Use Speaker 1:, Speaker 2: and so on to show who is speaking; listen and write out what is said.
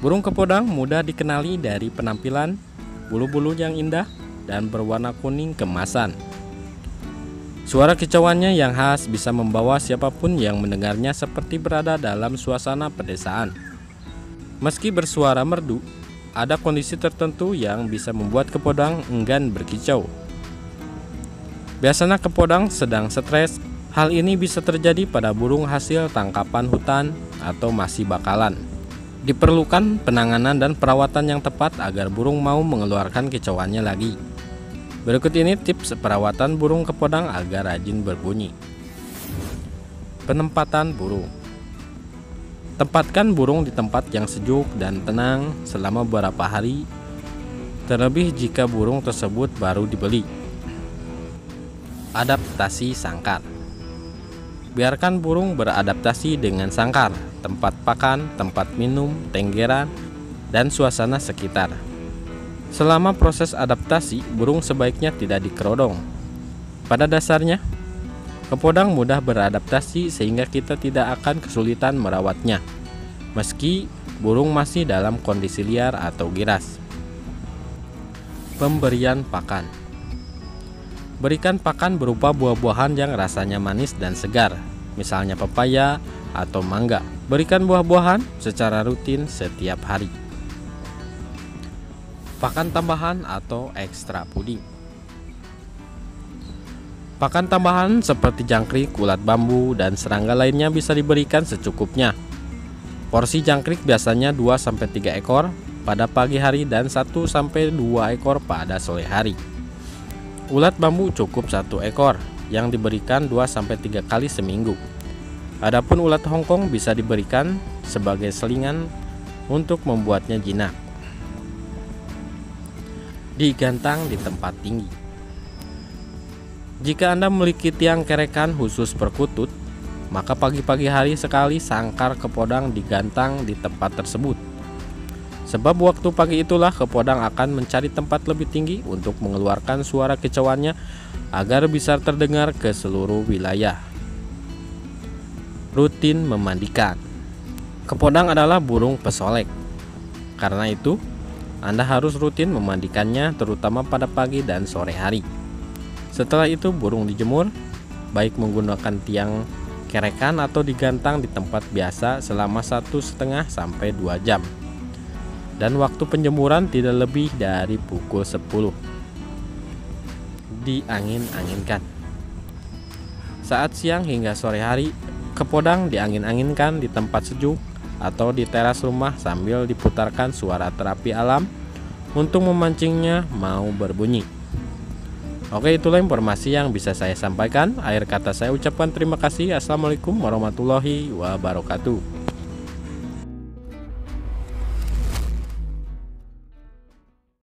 Speaker 1: Burung kepodang mudah dikenali dari penampilan, bulu-bulu yang indah, dan berwarna kuning kemasan. Suara kicauannya yang khas bisa membawa siapapun yang mendengarnya seperti berada dalam suasana pedesaan. Meski bersuara merdu, ada kondisi tertentu yang bisa membuat kepodang enggan berkicau. Biasanya kepodang sedang stres. Hal ini bisa terjadi pada burung hasil tangkapan hutan atau masih bakalan. Diperlukan penanganan dan perawatan yang tepat agar burung mau mengeluarkan kicauannya lagi. Berikut ini tips perawatan burung kepodang agar rajin berbunyi. Penempatan burung Tempatkan burung di tempat yang sejuk dan tenang selama beberapa hari, terlebih jika burung tersebut baru dibeli. Adaptasi sangkar Biarkan burung beradaptasi dengan sangkar, tempat pakan, tempat minum, tenggeran, dan suasana sekitar. Selama proses adaptasi, burung sebaiknya tidak dikerodong. Pada dasarnya, kepodang mudah beradaptasi sehingga kita tidak akan kesulitan merawatnya, meski burung masih dalam kondisi liar atau giras. Pemberian pakan Berikan pakan berupa buah-buahan yang rasanya manis dan segar, misalnya pepaya atau mangga. Berikan buah-buahan secara rutin setiap hari. Pakan tambahan atau ekstra puding. Pakan tambahan seperti jangkrik, ulat bambu, dan serangga lainnya bisa diberikan secukupnya. Porsi jangkrik biasanya 2-3 ekor pada pagi hari dan 1-2 ekor pada sore hari. Ulat bambu cukup satu ekor yang diberikan 2-3 kali seminggu. Adapun ulat Hongkong bisa diberikan sebagai selingan untuk membuatnya jinak. Digantang di tempat tinggi. Jika Anda memiliki tiang kerekan khusus perkutut, maka pagi-pagi hari sekali sangkar kepodang digantang di tempat tersebut Sebab waktu pagi itulah kepodang akan mencari tempat lebih tinggi untuk mengeluarkan suara kecauannya agar bisa terdengar ke seluruh wilayah. Rutin memandikan. Kepodang adalah burung pesolek. Karena itu, Anda harus rutin memandikannya terutama pada pagi dan sore hari. Setelah itu burung dijemur baik menggunakan tiang kerekan atau digantang di tempat biasa selama satu setengah sampai 2 jam dan waktu penjemuran tidak lebih dari pukul 10. Diangin-anginkan. Saat siang hingga sore hari, kepodang diangin-anginkan di tempat sejuk atau di teras rumah sambil diputarkan suara terapi alam untuk memancingnya mau berbunyi. Oke, itulah informasi yang bisa saya sampaikan. Akhir kata saya ucapkan terima kasih. Assalamualaikum warahmatullahi wabarakatuh.